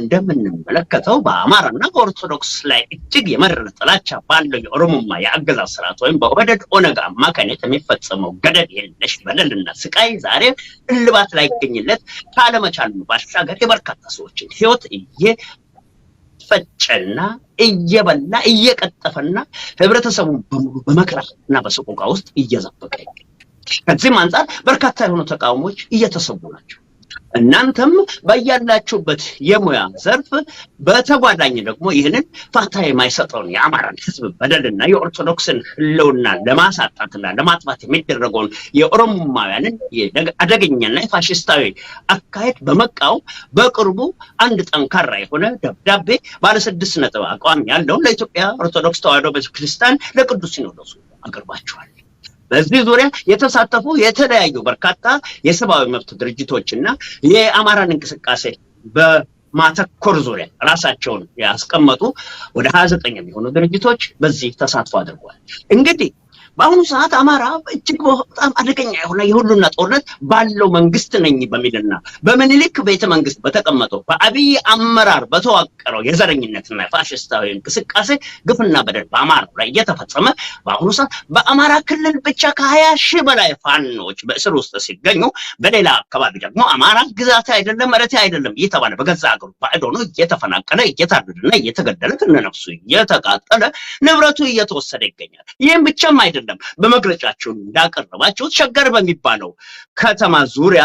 እንደምንመለከተው በአማራና በኦርቶዶክስ ላይ እጅግ የመረረ ጥላቻ ባለው የኦሮሞማ የአገዛዝ ስርዓት ወይም በኦህዴድ ኦነግ አማካኝነት የሚፈጸመው ገደል የለሽ በደልና ስቃይ ዛሬ እልባት ላይ ይገኝለት ካለመቻሉ ባሻገር የበርካታ ሰዎችን ህይወት እየ ፈጨና እየበላ እየቀጠፈና ህብረተሰቡን በሙሉ በመከራ እና በሰቆቃ ውስጥ እየዘበቀ ይገኛል። ከዚህም አንጻር በርካታ የሆኑ ተቃውሞዎች እየተሰቡ ናቸው። እናንተም በያላችሁበት የሙያ ዘርፍ በተጓዳኝ ደግሞ ይህንን ፋታ የማይሰጠውን የአማራን ሕዝብ በደልና የኦርቶዶክስን ህልውና ለማሳጣትና ለማጥፋት የሚደረገውን የኦሮሞማውያንን አደገኛና የፋሽስታዊ አካሄድ በመቃወም በቅርቡ አንድ ጠንካራ የሆነ ደብዳቤ ባለስድስት ነጥብ አቋም ያለውን ለኢትዮጵያ ኦርቶዶክስ ተዋሕዶ ቤተክርስቲያን ለቅዱስ ሲኖዶሱ አቅርባችኋል። በዚህ ዙሪያ የተሳተፉ የተለያዩ በርካታ የሰብአዊ መብት ድርጅቶች እና የአማራን እንቅስቃሴ በማተኮር ዙሪያ ራሳቸውን ያስቀመጡ ወደ ሀያ ዘጠኝ የሚሆኑ ድርጅቶች በዚህ ተሳትፎ አድርጓል። እንግዲህ በአሁኑ ሰዓት አማራ እጅግ በጣም አደገኛ የሆነ የሁሉና ጦርነት ባለው መንግስት ነኝ በሚልና በምኒልክ ቤተ መንግስት በተቀመጠው በአብይ አመራር በተዋቀረው የዘረኝነትና የፋሽስታዊ እንቅስቃሴ ግፍና በደል በአማራ ላይ እየተፈጸመ በአሁኑ ሰዓት በአማራ ክልል ብቻ ከሀያ ሺህ በላይ ፋኖች በእስር ውስጥ ሲገኙ፣ በሌላ አካባቢ ደግሞ አማራ ግዛት አይደለም መሬት አይደለም እየተባለ በገዛ ሀገሩ ባዕድ ሆኖ እየተፈናቀለ እየታረደና እየተገደለ ከነነፍሱ እየተቃጠለ ንብረቱ እየተወሰደ ይገኛል። ይህም ብቻም አይደለም አይደለም። በመግለጫቸው እንዳቀረባቸው ሸገር በሚባለው ከተማ ዙሪያ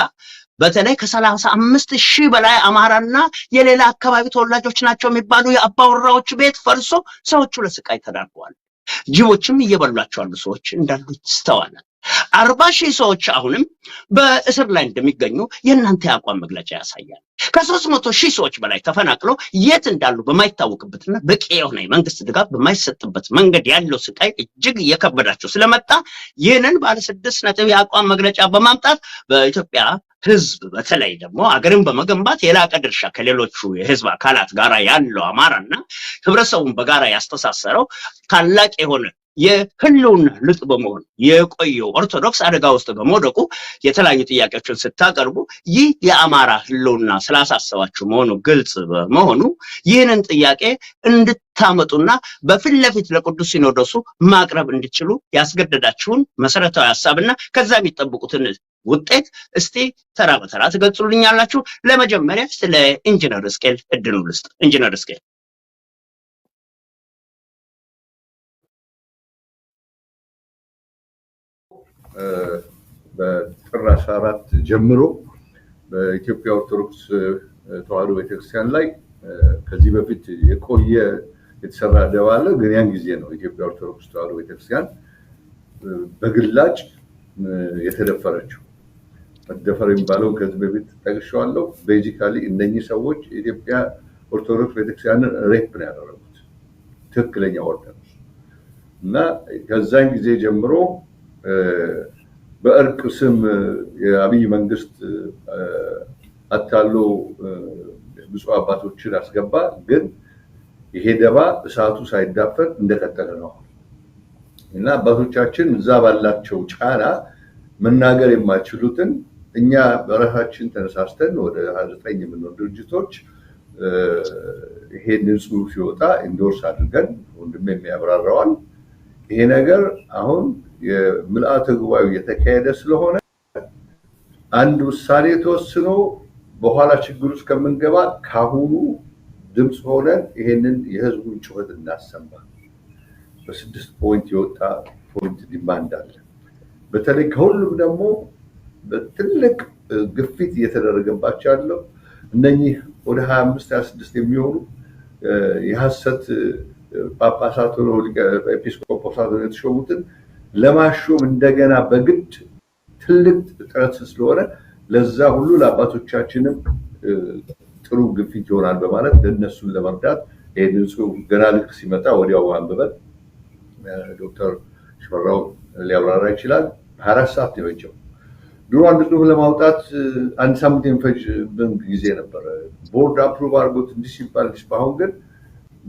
በተለይ ከሰላሳ አምስት ሺህ በላይ አማራና የሌላ አካባቢ ተወላጆች ናቸው የሚባሉ የአባወራዎች ቤት ፈርሶ ሰዎቹ ለስቃይ ተዳርገዋል። ጅቦችም እየበሏቸዋሉ ሰዎች እንዳሉ ይስተዋላል። አርባ ሺህ ሰዎች አሁንም በእስር ላይ እንደሚገኙ የእናንተ የአቋም መግለጫ ያሳያል። ከሶስት መቶ ሺህ ሰዎች በላይ ተፈናቅለው የት እንዳሉ በማይታወቅበትና በቂ የሆነ የመንግስት ድጋፍ በማይሰጥበት መንገድ ያለው ስቃይ እጅግ እየከበዳቸው ስለመጣ ይህንን ባለ ስድስት ነጥብ የአቋም መግለጫ በማምጣት በኢትዮጵያ ህዝብ በተለይ ደግሞ አገርን በመገንባት የላቀ ድርሻ ከሌሎቹ የህዝብ አካላት ጋራ ያለው አማራና ህብረተሰቡን በጋራ ያስተሳሰረው ታላቅ የሆነ የህልውና ልጥ በመሆኑ የቆየው ኦርቶዶክስ አደጋ ውስጥ በመውደቁ የተለያዩ ጥያቄዎችን ስታቀርቡ ይህ የአማራ ህልውና ስላሳሰባችሁ መሆኑ ግልጽ በመሆኑ ይህንን ጥያቄ እንድታመጡና በፊት ለፊት ለቅዱስ ሲኖዶሱ ማቅረብ እንዲችሉ ያስገደዳችሁን መሰረታዊ ሀሳብና ከዛ የሚጠብቁትን ውጤት እስቲ ተራ በተራ ትገልጹልኛላችሁ። ለመጀመሪያ ስለ ኢንጂነር እስኬል እድሉ ልስጥ። ኢንጂነር እስኬል በጥር 14 ጀምሮ በኢትዮጵያ ኦርቶዶክስ ተዋህዶ ቤተክርስቲያን ላይ ከዚህ በፊት የቆየ የተሰራ ደባ አለ። ግን ያን ጊዜ ነው ኢትዮጵያ ኦርቶዶክስ ተዋህዶ ቤተክርስቲያን በግላጭ የተደፈረችው። መደፈር የሚባለው ከዚህ በፊት ጠቅሼዋለሁ። ቤዚካሊ እነኚህ ሰዎች የኢትዮጵያ ኦርቶዶክስ ቤተክርስቲያንን ሬፕ ነው ያደረጉት። ትክክለኛ ወርደ እና ከዛን ጊዜ ጀምሮ በእርቅ ስም የአብይ መንግስት አታሎ ብፁ አባቶችን አስገባ። ግን ይሄ ደባ እሳቱ ሳይዳፈን እንደቀጠለ ነው እና አባቶቻችን እዛ ባላቸው ጫና መናገር የማይችሉትን እኛ በራሳችን ተነሳስተን ወደ ሀያ ዘጠኝ የምንሆን ድርጅቶች ይሄን ጽሑፍ ሲወጣ ኢንዶርስ አድርገን ወንድሜ የሚያብራራዋል ይሄ ነገር አሁን ምልአተ ጉባኤው እየተካሄደ ስለሆነ አንድ ውሳኔ ተወስኖ በኋላ ችግር ውስጥ ከምንገባ ካሁኑ ድምፅ ሆነን ይሄንን የህዝቡን ጩኸት እናሰማ። በስድስት ፖይንት የወጣ ፖይንት ዲማንድ አለ። በተለይ ከሁሉም ደግሞ በትልቅ ግፊት እየተደረገባቸው ያለው እነኚህ ወደ ሀያ አምስት ሀያ ስድስት የሚሆኑ የሀሰት ጳጳሳት ሆነው ኤጲስቆጶሳት የተሾሙትን ለማሾም እንደገና በግድ ትልቅ ጥረት ስለሆነ ለዛ ሁሉ ለአባቶቻችንም ጥሩ ግፊት ይሆናል በማለት ለእነሱን ለመርዳት ይህንን ጽሑፍ ገና ልክ ሲመጣ ወዲያው አንብበን ዶክተር ሽፈራው ሊያብራራ ይችላል። ሀያ አራት ሰዓት ነው የፈጀው። ድሮ አንድ ጽሁፍ ለማውጣት አንድ ሳምንት የሚፈጅብን ጊዜ ነበረ። ቦርድ አፕሩቭ አድርጎት እንዲህ ሲባል እንዲህ። አሁን ግን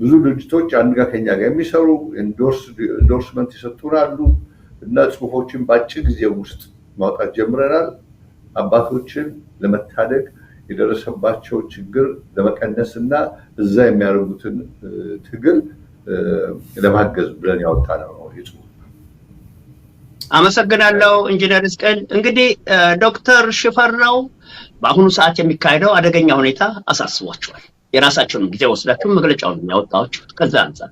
ብዙ ድርጅቶች አንድ ጋር ከኛ ጋር የሚሰሩ ኢንዶርስመንት ይሰጡናሉ። እና ጽሁፎችን በአጭር ጊዜ ውስጥ ማውጣት ጀምረናል። አባቶችን ለመታደግ የደረሰባቸው ችግር ለመቀነስ እና እዛ የሚያደርጉትን ትግል ለማገዝ ብለን ያወጣ ነው የጽሁፍ አመሰግናለሁ። ኢንጂነር ስቀል እንግዲህ ዶክተር ሽፈራው በአሁኑ ሰዓት የሚካሄደው አደገኛ ሁኔታ አሳስቧቸዋል። የራሳቸውን ጊዜ ወስዳችሁ መግለጫውን የሚያወጣችሁ ከዛ አንጻር።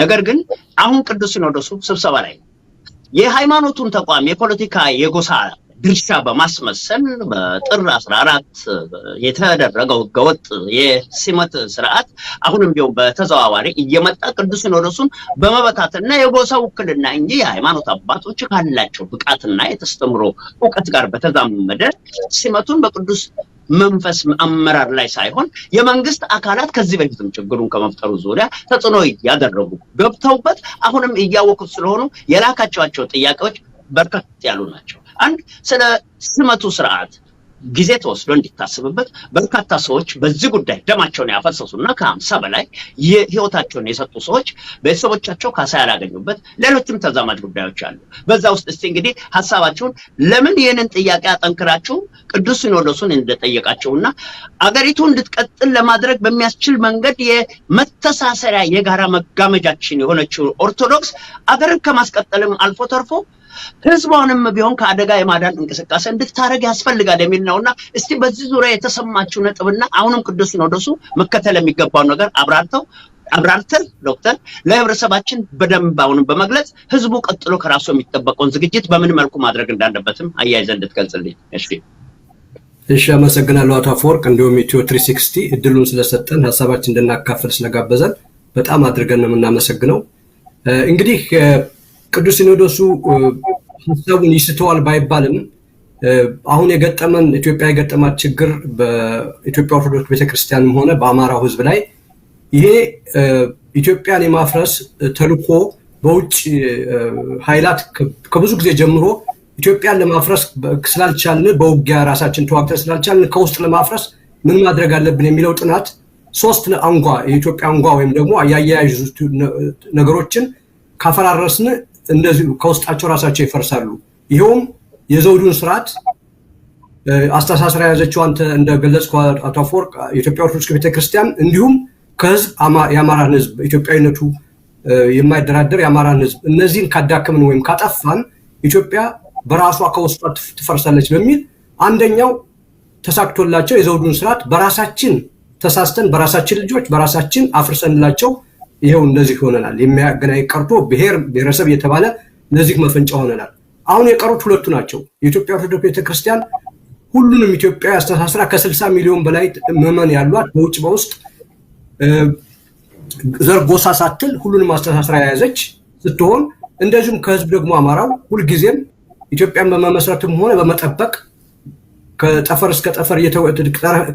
ነገር ግን አሁን ቅዱስ ሲኖዶሱ ስብሰባ ላይ የሃይማኖቱን ተቋም የፖለቲካ የጎሳ ድርሻ በማስመሰል በጥር አስራ አራት የተደረገው ህገወጥ የሲመት ስርዓት አሁንም ቢሆን በተዘዋዋሪ እየመጣ ቅዱስ ሲኖዶሱን በመበታትና የጎሳ ውክልና እንጂ የሃይማኖት አባቶች ካላቸው ብቃትና የተስተምሮ እውቀት ጋር በተዛመደ ሲመቱን በቅዱስ መንፈስ አመራር ላይ ሳይሆን የመንግስት አካላት ከዚህ በፊትም ችግሩን ከመፍጠሩ ዙሪያ ተጽዕኖ እያደረጉ ገብተውበት አሁንም እያወቁት ስለሆኑ የላካቸዋቸው ጥያቄዎች በርከት ያሉ ናቸው። አንድ ስለ ስመቱ ስርዓት ጊዜ ተወስዶ እንዲታስብበት በርካታ ሰዎች በዚህ ጉዳይ ደማቸውን ያፈሰሱና ከሀምሳ በላይ ህይወታቸውን የሰጡ ሰዎች ቤተሰቦቻቸው ካሳ ያላገኙበት ሌሎችም ተዛማጅ ጉዳዮች አሉ። በዛ ውስጥ እስቲ እንግዲህ ሀሳባቸውን ለምን ይህንን ጥያቄ አጠንክራችሁ ቅዱስ ሲኖዶሱን እና አገሪቱ እንድትቀጥል ለማድረግ በሚያስችል መንገድ የመተሳሰሪያ የጋራ መጋመጃችን የሆነችው ኦርቶዶክስ አገርን ከማስቀጠልም አልፎ ተርፎ ህዝቧንም ቢሆን ከአደጋ የማዳን እንቅስቃሴ እንድታደረግ ያስፈልጋል የሚል ነው እና እስቲ በዚህ ዙሪያ የተሰማችው ነጥብና አሁንም ቅዱስ ሲኖዶሱ መከተል የሚገባው ነገር አብራርተው አብራርተን ዶክተር ለህብረተሰባችን በደንብ አሁንም በመግለጽ ህዝቡ ቀጥሎ ከራሱ የሚጠበቀውን ዝግጅት በምን መልኩ ማድረግ እንዳለበትም አያይዘ እንድትገልጽልኝ። እሺ እሺ፣ አመሰግናለሁ አቶ አፈወርቅ እንዲሁም ኢትዮ ትሪ ሲክስቲ እድሉን ስለሰጠን ሀሳባችን እንድናካፍል ስለጋበዘን በጣም አድርገን ነው የምናመሰግነው። እንግዲህ ቅዱስ ሲኖዶሱ ሀሳቡን ይስተዋል ባይባልም አሁን የገጠመን ኢትዮጵያ የገጠማት ችግር በኢትዮጵያ ኦርቶዶክስ ቤተክርስቲያንም ሆነ በአማራው ሕዝብ ላይ ይሄ ኢትዮጵያን የማፍረስ ተልኮ በውጭ ኃይላት ከብዙ ጊዜ ጀምሮ ኢትዮጵያን ለማፍረስ ስላልቻልን በውጊያ ራሳችን ተዋግተን ስላልቻልን ከውስጥ ለማፍረስ ምን ማድረግ አለብን የሚለው ጥናት ሶስት አንጓ የኢትዮጵያ አንጓ ወይም ደግሞ ያያያዙ ነገሮችን ካፈራረስን እንደዚሁ ከውስጣቸው ራሳቸው ይፈርሳሉ። ይኸውም የዘውዱን ስርዓት አስተሳሰር የያዘችው አንተ እንደገለጽ አቶ አፈወርቅ የኢትዮጵያ ኦርቶዶክስ ቤተክርስቲያን እንዲሁም ከህዝብ የአማራን ህዝብ ኢትዮጵያዊነቱ የማይደራደር የአማራን ህዝብ እነዚህን ካዳክምን ወይም ካጠፋን ኢትዮጵያ በራሷ ከውስጧ ትፈርሳለች በሚል አንደኛው ተሳክቶላቸው የዘውዱን ስርዓት በራሳችን ተሳስተን በራሳችን ልጆች በራሳችን አፍርሰንላቸው ይኸው እንደዚህ ሆነናል። የሚያገናኝ ቀርቶ ብሔር ብሔረሰብ የተባለ ለዚህ መፈንጫ ሆነናል። አሁን የቀሩት ሁለቱ ናቸው። የኢትዮጵያ ኦርቶዶክስ ቤተክርስቲያን ሁሉንም ኢትዮጵያ አስተሳስራ ከስልሳ ሚሊዮን በላይ ምዕመን ያሏት በውጭ በውስጥ ዘር ጎሳ ሳትል ሁሉንም አስተሳስራ የያዘች ስትሆን እንደዚሁም ከህዝብ ደግሞ አማራው ሁልጊዜም ኢትዮጵያን በመመስረትም ሆነ በመጠበቅ ከጠፈር እስከ ጠፈር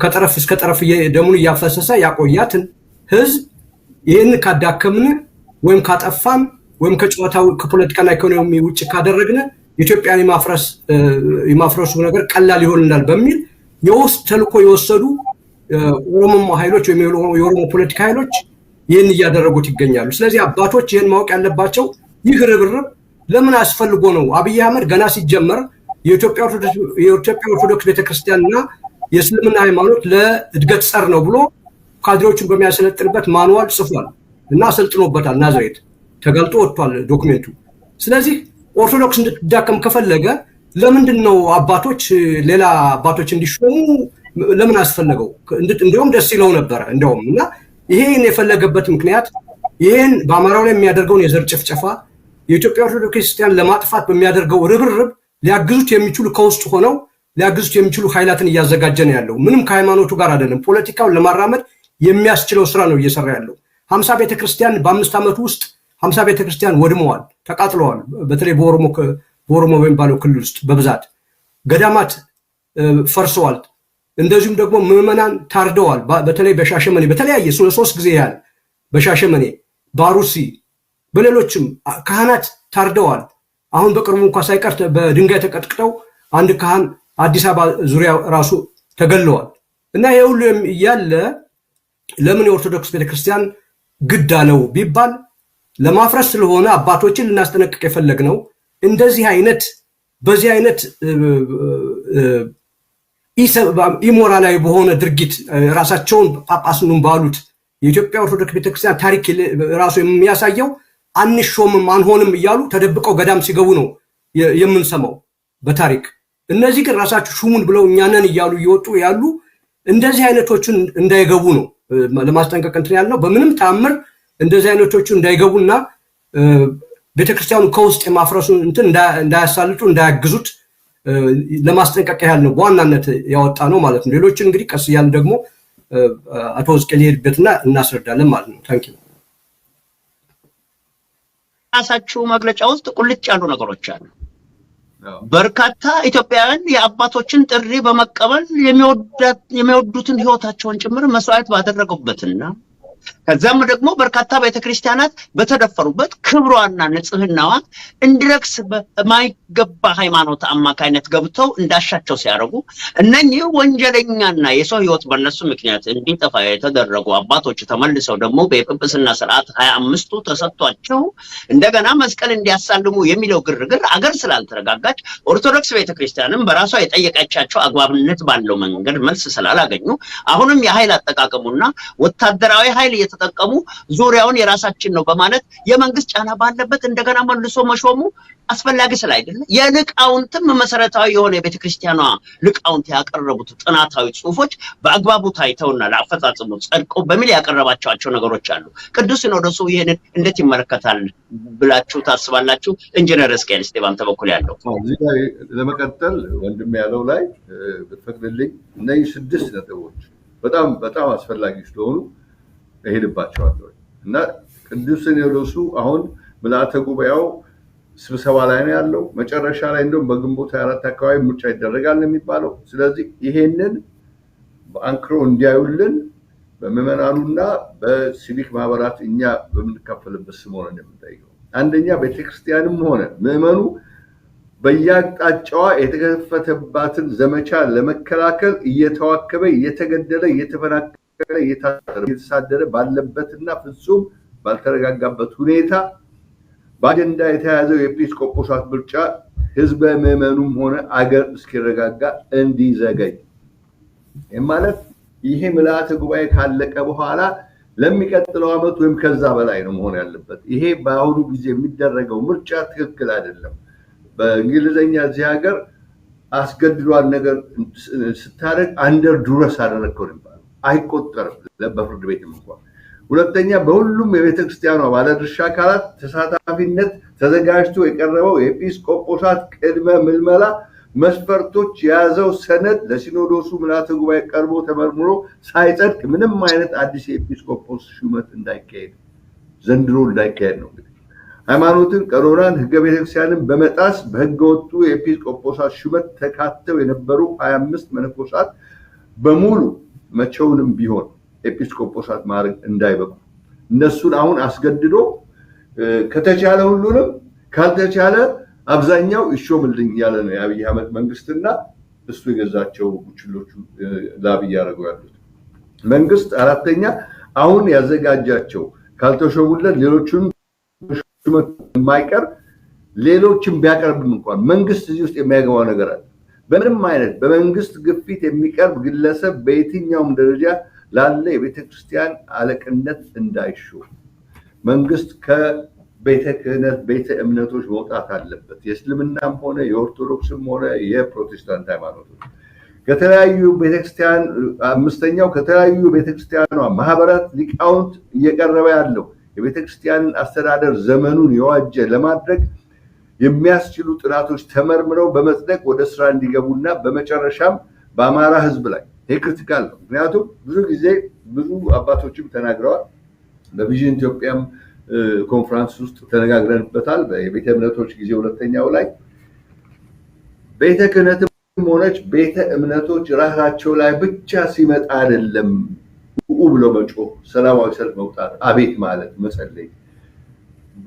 ከጠረፍ እስከ ጠረፍ ደሙን እያፈሰሰ ያቆያትን ህዝብ ይህን ካዳከምን ወይም ካጠፋን ወይም ከጨዋታው ከፖለቲካና ኢኮኖሚ ውጭ ካደረግን ኢትዮጵያን የማፍረሱ ነገር ቀላል ይሆንናል በሚል የውስጥ ተልኮ የወሰዱ ኦሮሞ ኃይሎች ወይም የኦሮሞ ፖለቲካ ኃይሎች ይህን እያደረጉት ይገኛሉ። ስለዚህ አባቶች ይህን ማወቅ ያለባቸው ይህ ርብርብ ለምን አስፈልጎ ነው? አብይ አህመድ ገና ሲጀመር የኢትዮጵያ ኦርቶዶክስ ቤተክርስቲያንና የእስልምና ሃይማኖት ለእድገት ጸር ነው ብሎ ካድሬዎቹን በሚያሰለጥንበት ማኑዋል ጽፏል እና አሰልጥኖበታል። ናዝሬት ተገልጦ ወጥቷል ዶክሜንቱ። ስለዚህ ኦርቶዶክስ እንድትዳከም ከፈለገ ለምንድን ነው አባቶች ሌላ አባቶች እንዲሾሙ ለምን አስፈለገው? እንዲሁም ደስ ይለው ነበረ እንደውም እና ይሄን የፈለገበት ምክንያት ይህን በአማራው ላይ የሚያደርገውን የዘር ጭፍጨፋ የኢትዮጵያ ኦርቶዶክስ ክርስቲያን ለማጥፋት በሚያደርገው ርብርብ ሊያግዙት የሚችሉ ከውስጥ ሆነው ሊያግዙት የሚችሉ ኃይላትን እያዘጋጀ ነው ያለው። ምንም ከሃይማኖቱ ጋር አይደለም። ፖለቲካውን ለማራመድ የሚያስችለው ስራ ነው እየሰራ ያለው። ሀምሳ ቤተክርስቲያን በአምስት ዓመት ውስጥ ሀምሳ ቤተክርስቲያን ወድመዋል፣ ተቃጥለዋል። በተለይ በኦሮሞ በሚባለው ክልል ውስጥ በብዛት ገዳማት ፈርሰዋል። እንደዚሁም ደግሞ ምዕመናን ታርደዋል። በተለይ በሻሸመኔ በተለያየ ሶስት ጊዜ ያህል በሻሸመኔ ባሩሲ፣ በሌሎችም ካህናት ታርደዋል። አሁን በቅርቡ እንኳ ሳይቀር በድንጋይ ተቀጥቅጠው አንድ ካህን አዲስ አበባ ዙሪያ ራሱ ተገለዋል እና ይህ ሁሉ ያለ ለምን የኦርቶዶክስ ቤተክርስቲያን ግድ አለው ቢባል ለማፍረስ ስለሆነ አባቶችን ልናስጠነቅቅ የፈለግ ነው። እንደዚህ አይነት በዚህ አይነት ኢሞራላዊ በሆነ ድርጊት ራሳቸውን ጳጳስኑን ባሉት የኢትዮጵያ ኦርቶዶክስ ቤተክርስቲያን ታሪክ ራሱ የሚያሳየው አንሾምም አንሆንም እያሉ ተደብቀው ገዳም ሲገቡ ነው የምንሰማው በታሪክ። እነዚህ ግን ራሳቸው ሹሙን ብለው እኛነን እያሉ እየወጡ ያሉ እንደዚህ አይነቶችን እንዳይገቡ ነው ለማስጠንቀቅ እንትን ያልነው በምንም ተአምር እንደዚህ አይነቶቹ እንዳይገቡና ቤተክርስቲያኑ ከውስጥ የማፍረሱ እንትን እንዳያሳልጡ እንዳያግዙት ለማስጠንቀቅ ያህል ነው በዋናነት ያወጣ ነው ማለት ነው። ሌሎችን እንግዲህ ቀስ እያልን ደግሞ አቶ ዝቅል ሊሄድበትና እናስረዳለን ማለት ነው። ታንኪ ራሳችሁ መግለጫ ውስጥ ቁልጭ ያሉ ነገሮች አሉ። በርካታ ኢትዮጵያውያን የአባቶችን ጥሪ በመቀበል የሚወዱትን ህይወታቸውን ጭምር መስዋዕት ባደረጉበትና ከዛም ደግሞ በርካታ ቤተክርስቲያናት በተደፈሩበት ክብሯና ንጽህናዋ እንዲረክስ በማይገባ ሃይማኖት አማካይነት ገብተው እንዳሻቸው ሲያደርጉ እነኚህ ወንጀለኛና የሰው ህይወት በነሱ ምክንያት እንዲጠፋ የተደረጉ አባቶች ተመልሰው ደግሞ በጵጵስና ስርዓት ሀያ አምስቱ ተሰጥቷቸው እንደገና መስቀል እንዲያሳልሙ የሚለው ግርግር አገር ስላልተረጋጋች ኦርቶዶክስ ቤተክርስቲያንም በራሷ የጠየቀቻቸው አግባብነት ባለው መንገድ መልስ ስላላገኙ አሁንም የኃይል አጠቃቀሙና ወታደራዊ ኃይል ኃይል እየተጠቀሙ ዙሪያውን የራሳችን ነው በማለት የመንግስት ጫና ባለበት እንደገና መልሶ መሾሙ አስፈላጊ ስለ አይደለ የልቃውንትም መሰረታዊ የሆነ የቤተክርስቲያኗ ልቃውንት ያቀረቡት ጥናታዊ ጽሁፎች በአግባቡ ታይተውና ለአፈጻጽሙ ጸድቆ በሚል ያቀረባቸዋቸው ነገሮች አሉ። ቅዱስ ሲኖዶሱ ይህንን እንዴት ይመለከታል ብላችሁ ታስባላችሁ? ኢንጂነር እስቅኤል ስቴባን ተበኩል ያለው ለመቀጠል ወንድም ያለው ላይ ብትፈቅድልኝ እነዚህ ስድስት ነጥቦች በጣም በጣም አስፈላጊ ስለሆኑ እሄድባቸዋለሁ እና ቅዱስ ሲኖዶሱ አሁን ምልአተ ጉባኤው ስብሰባ ላይ ነው ያለው። መጨረሻ ላይ እንደውም በግንቦት አራት አካባቢ ምርጫ ይደረጋል ነው የሚባለው። ስለዚህ ይሄንን በአንክሮ እንዲያዩልን በምዕመናኑና በሲቪክ ማህበራት እኛ በምንካፈልበት ስም ሆነ የምንጠይቀው አንደኛ ቤተክርስቲያንም ሆነ ምዕመኑ በየአቅጣጫዋ የተከፈተባትን ዘመቻ ለመከላከል እየተዋከበ እየተገደለ እየተፈናቀለ እየተሳደረ ባለበትና ፍጹም ባልተረጋጋበት ሁኔታ በአጀንዳ የተያዘው የጲስ ምርጫ ህዝበ ምዕመኑም ሆነ አገር እስኪረጋጋ እንዲዘገይ ይህም ማለት ይሄ ምልአተ ጉባኤ ካለቀ በኋላ ለሚቀጥለው ዓመት ወይም ከዛ በላይ ነው መሆን ያለበት። ይሄ በአሁኑ ጊዜ የሚደረገው ምርጫ ትክክል አይደለም። በእንግሊዝኛ እዚህ ሀገር አስገድዷል ነገር ስታደርግ አንደር ዱረስ አደረግከው ይባላል። አይቆጠርም በፍርድ ቤትም እንኳ። ሁለተኛ በሁሉም የቤተክርስቲያኗ ባለድርሻ አካላት ተሳታፊነት ተዘጋጅቶ የቀረበው የኤጲስቆጶሳት ቅድመ ምልመላ መስፈርቶች የያዘው ሰነድ ለሲኖዶሱ ምልዓተ ጉባኤ ቀርቦ ተመርምሮ ሳይጸድቅ ምንም አይነት አዲስ የኤጲስቆጶስ ሹመት እንዳይካሄድ ዘንድሮ እንዳይካሄድ ነው። ሃይማኖትን፣ ቀኖናን፣ ህገ ቤተክርስቲያንን በመጣስ በህገ ወጡ የኤጲስቆጶሳት ሹመት ተካተው የነበሩ ሀያ አምስት መነኮሳት በሙሉ መቼውንም ቢሆን ኤጲስቆጶሳት ማድረግ እንዳይበቁ እነሱን አሁን አስገድዶ ከተቻለ ሁሉንም ካልተቻለ አብዛኛው ይሾምልኝ ያለ ነው የአብይ አህመድ መንግስትና እሱ የገዛቸው ቡችሎቹ ላብ እያደረጉ ያሉት መንግስት። አራተኛ አሁን ያዘጋጃቸው ካልተሾሙለት ሌሎቹን የማይቀር ሌሎችን ቢያቀርብም እንኳን መንግስት እዚህ ውስጥ የሚያገባው ነገር አለ። በምንም አይነት በመንግስት ግፊት የሚቀርብ ግለሰብ በየትኛውም ደረጃ ላለ የቤተ ክርስቲያን አለቅነት እንዳይሹ መንግስት ከቤተ ክህነት ቤተ እምነቶች መውጣት አለበት። የእስልምናም ሆነ የኦርቶዶክስም ሆነ የፕሮቴስታንት ሃይማኖቶች ከተለያዩ ቤተክርስቲያን አምስተኛው ከተለያዩ ቤተክርስቲያኗ ማህበራት ሊቃውንት እየቀረበ ያለው የቤተክርስቲያንን አስተዳደር ዘመኑን የዋጀ ለማድረግ የሚያስችሉ ጥናቶች ተመርምረው በመጽደቅ ወደ ስራ እንዲገቡና በመጨረሻም በአማራ ህዝብ ላይ ይህ ክሪቲካል ነው። ምክንያቱም ብዙ ጊዜ ብዙ አባቶችም ተናግረዋል። በቪዥን ኢትዮጵያም ኮንፍራንስ ውስጥ ተነጋግረንበታል። የቤተ እምነቶች ጊዜ ሁለተኛው ላይ ቤተ ክህነትም ሆነች ቤተ እምነቶች ራሳቸው ላይ ብቻ ሲመጣ አይደለም ብሎ መጮህ፣ ሰላማዊ ሰልፍ መውጣት፣ አቤት ማለት፣ መጸለይ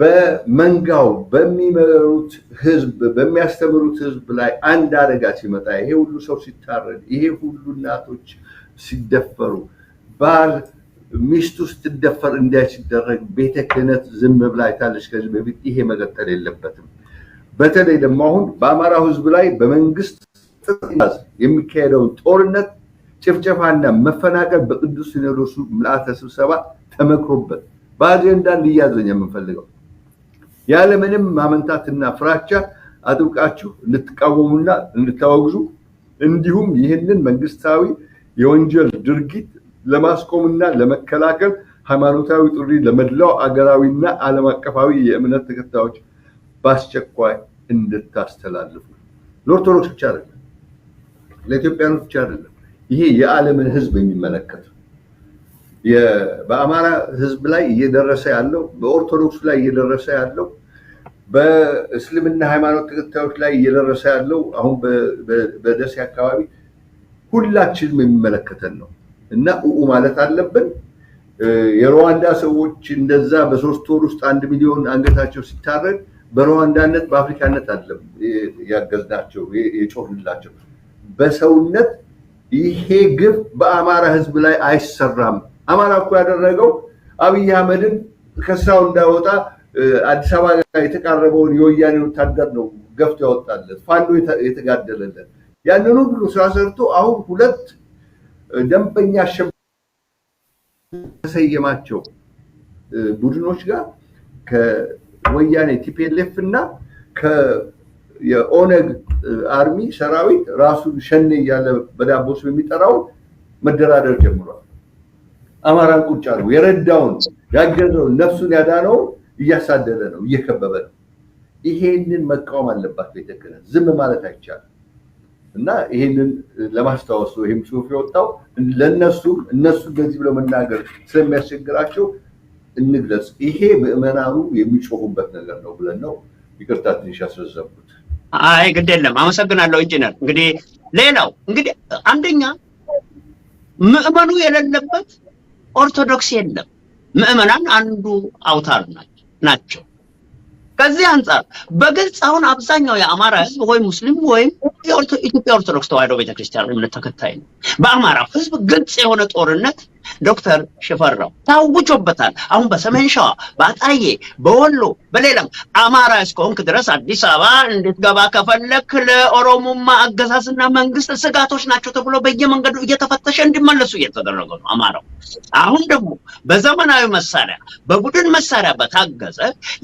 በመንጋው በሚመሩት ህዝብ በሚያስተምሩት ህዝብ ላይ አንድ አደጋ ሲመጣ ይሄ ሁሉ ሰው ሲታረድ፣ ይሄ ሁሉ እናቶች ሲደፈሩ፣ ባል ሚስቱ ስትደፈር እንዳይ ሲደረግ ቤተ ክህነት ዝም ብላ አይታለች ከዚህ በፊት። ይሄ መቀጠል የለበትም። በተለይ ደግሞ አሁን በአማራ ህዝብ ላይ በመንግስት የሚካሄደውን ጦርነት፣ ጭፍጨፋና መፈናቀል በቅዱስ ሲኖዶሱ ምልአተ ስብሰባ ተመክሮበት በአጀንዳ እንዲያዘኝ የምንፈልገው ያለምንም ማመንታትና ፍራቻ አጥብቃችሁ እንድትቃወሙና እንድታወግዙ እንዲሁም ይህንን መንግስታዊ የወንጀል ድርጊት ለማስቆምና ለመከላከል ሃይማኖታዊ ጥሪ ለመላው አገራዊና ዓለም አቀፋዊ የእምነት ተከታዮች በአስቸኳይ እንድታስተላልፉ ለኦርቶዶክስ ብቻ አይደለም፣ ለኢትዮጵያኖች ብቻ አይደለም። ይሄ የዓለምን ሕዝብ የሚመለከት በአማራ ህዝብ ላይ እየደረሰ ያለው በኦርቶዶክሱ ላይ እየደረሰ ያለው በእስልምና ሃይማኖት ተከታዮች ላይ እየደረሰ ያለው አሁን በደሴ አካባቢ ሁላችንም የሚመለከተን ነው እና ኡኡ ማለት አለብን። የሩዋንዳ ሰዎች እንደዛ በሶስት ወር ውስጥ አንድ ሚሊዮን አንገታቸው ሲታረድ በሩዋንዳነት በአፍሪካነት አለም ያገዝናቸው የጮህንላቸው በሰውነት ይሄ ግፍ በአማራ ህዝብ ላይ አይሰራም። አማራ እኮ ያደረገው አብይ አህመድን ከስራው እንዳይወጣ አዲስ አበባ የተቃረበውን የወያኔ ወታደር ነው ገፍቶ ያወጣለት ፋንዶ የተጋደለለት ያንን ሁሉ ስራ ሰርቶ አሁን ሁለት ደንበኛ ተሰየማቸው ቡድኖች ጋር ከወያኔ ቲፒኤልኤፍ እና የኦነግ አርሚ ሰራዊት ራሱን ሸኔ እያለ በዳቦ ስም የሚጠራውን መደራደር ጀምሯል። አማራን ቁጭ አድርጎ የረዳውን ያገዘውን ነፍሱን ያዳነውን እያሳደደ ነው፣ እየከበበ ነው። ይሄንን መቃወም አለባት ቤተ ዝም ማለት አይቻልም። እና ይሄንን ለማስታወስ ወይም ጽሁፍ የወጣው። ለእነሱ እነሱ እንደዚህ ብለው መናገር ስለሚያስቸግራቸው እንግለጽ። ይሄ ምዕመናኑ የሚጮሁበት ነገር ነው ብለን ነው። ይቅርታ ትንሽ ያስረዘብኩት። አይ ግድ የለም አመሰግናለሁ ኢንጂነር። እንግዲህ ሌላው እንግዲህ አንደኛ ምዕመኑ የሌለበት ኦርቶዶክስ የለም። ምዕመናን አንዱ አውታር ናቸው። ከዚህ አንጻር በግልጽ አሁን አብዛኛው የአማራ ህዝብ ወይ ሙስሊም ወይም ኢትዮጵያ ኦርቶዶክስ ተዋሕዶ ቤተክርስቲያን እምነት ተከታይ ነው። በአማራ ህዝብ ግልጽ የሆነ ጦርነት ዶክተር ሽፈራው ታውጆበታል። አሁን በሰሜን ሸዋ፣ በአጣዬ፣ በወሎ በሌላም አማራ እስከሆንክ ድረስ አዲስ አበባ እንድትገባ ከፈለክ ለኦሮሞማ አገዛዝና መንግስት ስጋቶች ናቸው ተብሎ በየመንገዱ እየተፈተሸ እንዲመለሱ እየተደረገ ነው አማራው። አሁን ደግሞ በዘመናዊ መሳሪያ በቡድን መሳሪያ በታገዘ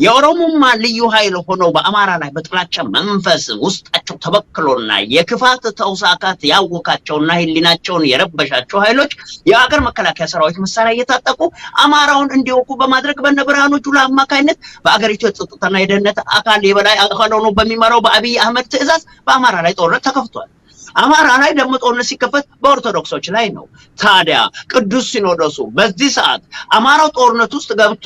የኦሮሞማ ልዩ ኃይል ሆኖ በአማራ ላይ በጥላቻ መንፈስ ውስጣቸው ተበክሎና የክፋት ተውሳካት ያወካቸውና ህሊናቸውን የረበሻቸው ኃይሎች የሀገር መከላከ የመከላከያ ሰራዊት መሳሪያ እየታጠቁ አማራውን እንዲወቁ በማድረግ በነ ጁላ አማካኝነት በአገሪቱ የጸጥታና የደህንነት አካል የበላይ አካል ሆኖ በሚመራው በአብይ አህመድ ትዕዛዝ በአማራ ላይ ጦርነት ተከፍቷል። አማራ ላይ ደግሞ ጦርነት ሲከፈት በኦርቶዶክሶች ላይ ነው። ታዲያ ቅዱስ ሲኖዶሱ በዚህ ሰዓት አማራው ጦርነት ውስጥ ገብቶ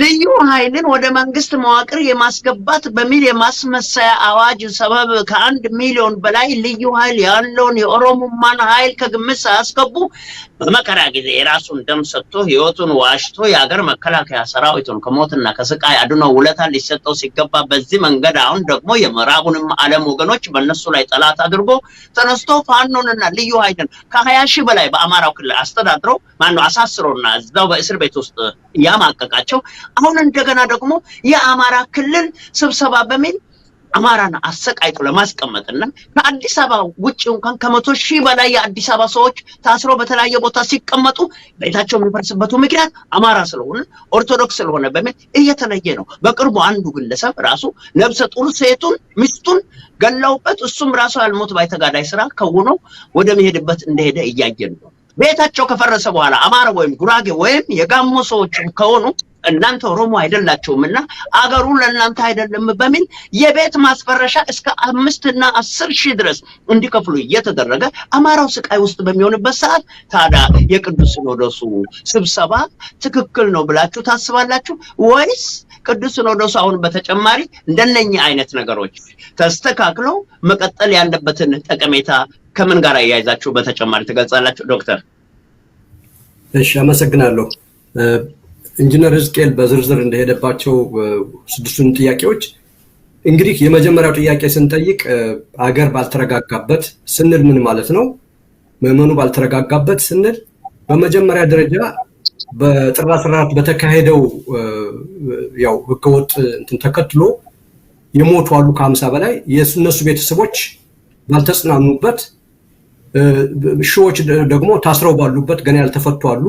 ልዩ ኃይልን ወደ መንግስት መዋቅር የማስገባት በሚል የማስመሰያ አዋጅ ሰበብ ከአንድ ሚሊዮን በላይ ልዩ ኃይል ያለውን የኦሮሞማን ኃይል ከግምት ሳያስገቡ በመከራ ጊዜ የራሱን ደም ሰጥቶ ህይወቱን ዋሽቶ የሀገር መከላከያ ሰራዊቱን ከሞትና ከስቃይ አድኖ ውለታ ሊሰጠው ሲገባ በዚህ መንገድ አሁን ደግሞ የምዕራቡንም ዓለም ወገኖች በእነሱ ላይ ጠላት አድርጎ ተነስቶ ፋኖንና ልዩ ኃይልን ከሀያ ሺህ በላይ በአማራው ክልል አስተዳድረው ማነው አሳስሮና እዛው በእስር ቤት ውስጥ ያማቀቃቸው። አሁን እንደገና ደግሞ የአማራ ክልል ስብሰባ በሚል አማራን አሰቃይቶ ለማስቀመጥና ከአዲስ አበባ ውጭ እንኳን ከመቶ ሺህ በላይ የአዲስ አበባ ሰዎች ታስሮ በተለያየ ቦታ ሲቀመጡ ቤታቸው የሚፈርስበት ምክንያት አማራ ስለሆነ ኦርቶዶክስ ስለሆነ በሚል እየተለየ ነው። በቅርቡ አንዱ ግለሰብ ራሱ ነብሰ ጡር ሴቱን ሚስቱን ገላውበት እሱም ራሱ ያልሞት ባይተጋዳይ ስራ ከውኖ ወደሚሄድበት እንደሄደ እያየን ነው። ቤታቸው ከፈረሰ በኋላ አማራ ወይም ጉራጌ ወይም የጋሞ ሰዎች ከሆኑ እናንተ ኦሮሞ አይደላቸውም እና አገሩ ለእናንተ አይደለም በሚል የቤት ማስፈረሻ እስከ አምስት እና አስር ሺህ ድረስ እንዲከፍሉ እየተደረገ አማራው ስቃይ ውስጥ በሚሆንበት ሰዓት ታዲያ የቅዱስ ሲኖዶሱ ስብሰባ ትክክል ነው ብላችሁ ታስባላችሁ ወይስ ቅዱስ ሲኖዶሱ አሁን በተጨማሪ እንደነኚህ አይነት ነገሮች ተስተካክለው መቀጠል ያለበትን ጠቀሜታ ከምን ጋር አያይዛችሁ በተጨማሪ ትገልጻላችሁ ዶክተር? እሺ አመሰግናለሁ። ኢንጂነር ህዝቅኤል በዝርዝር እንደሄደባቸው ስድስቱን ጥያቄዎች እንግዲህ የመጀመሪያው ጥያቄ ስንጠይቅ አገር ባልተረጋጋበት ስንል ምን ማለት ነው? ምዕመኑ ባልተረጋጋበት ስንል በመጀመሪያ ደረጃ በጥር 14 በተካሄደው ያው ህገወጥ እንትን ተከትሎ የሞቱ አሉ ከ50 በላይ የእነሱ ቤተሰቦች ባልተጽናኑበት ሺዎች ደግሞ ታስረው ባሉበት ገና ያልተፈቱ አሉ።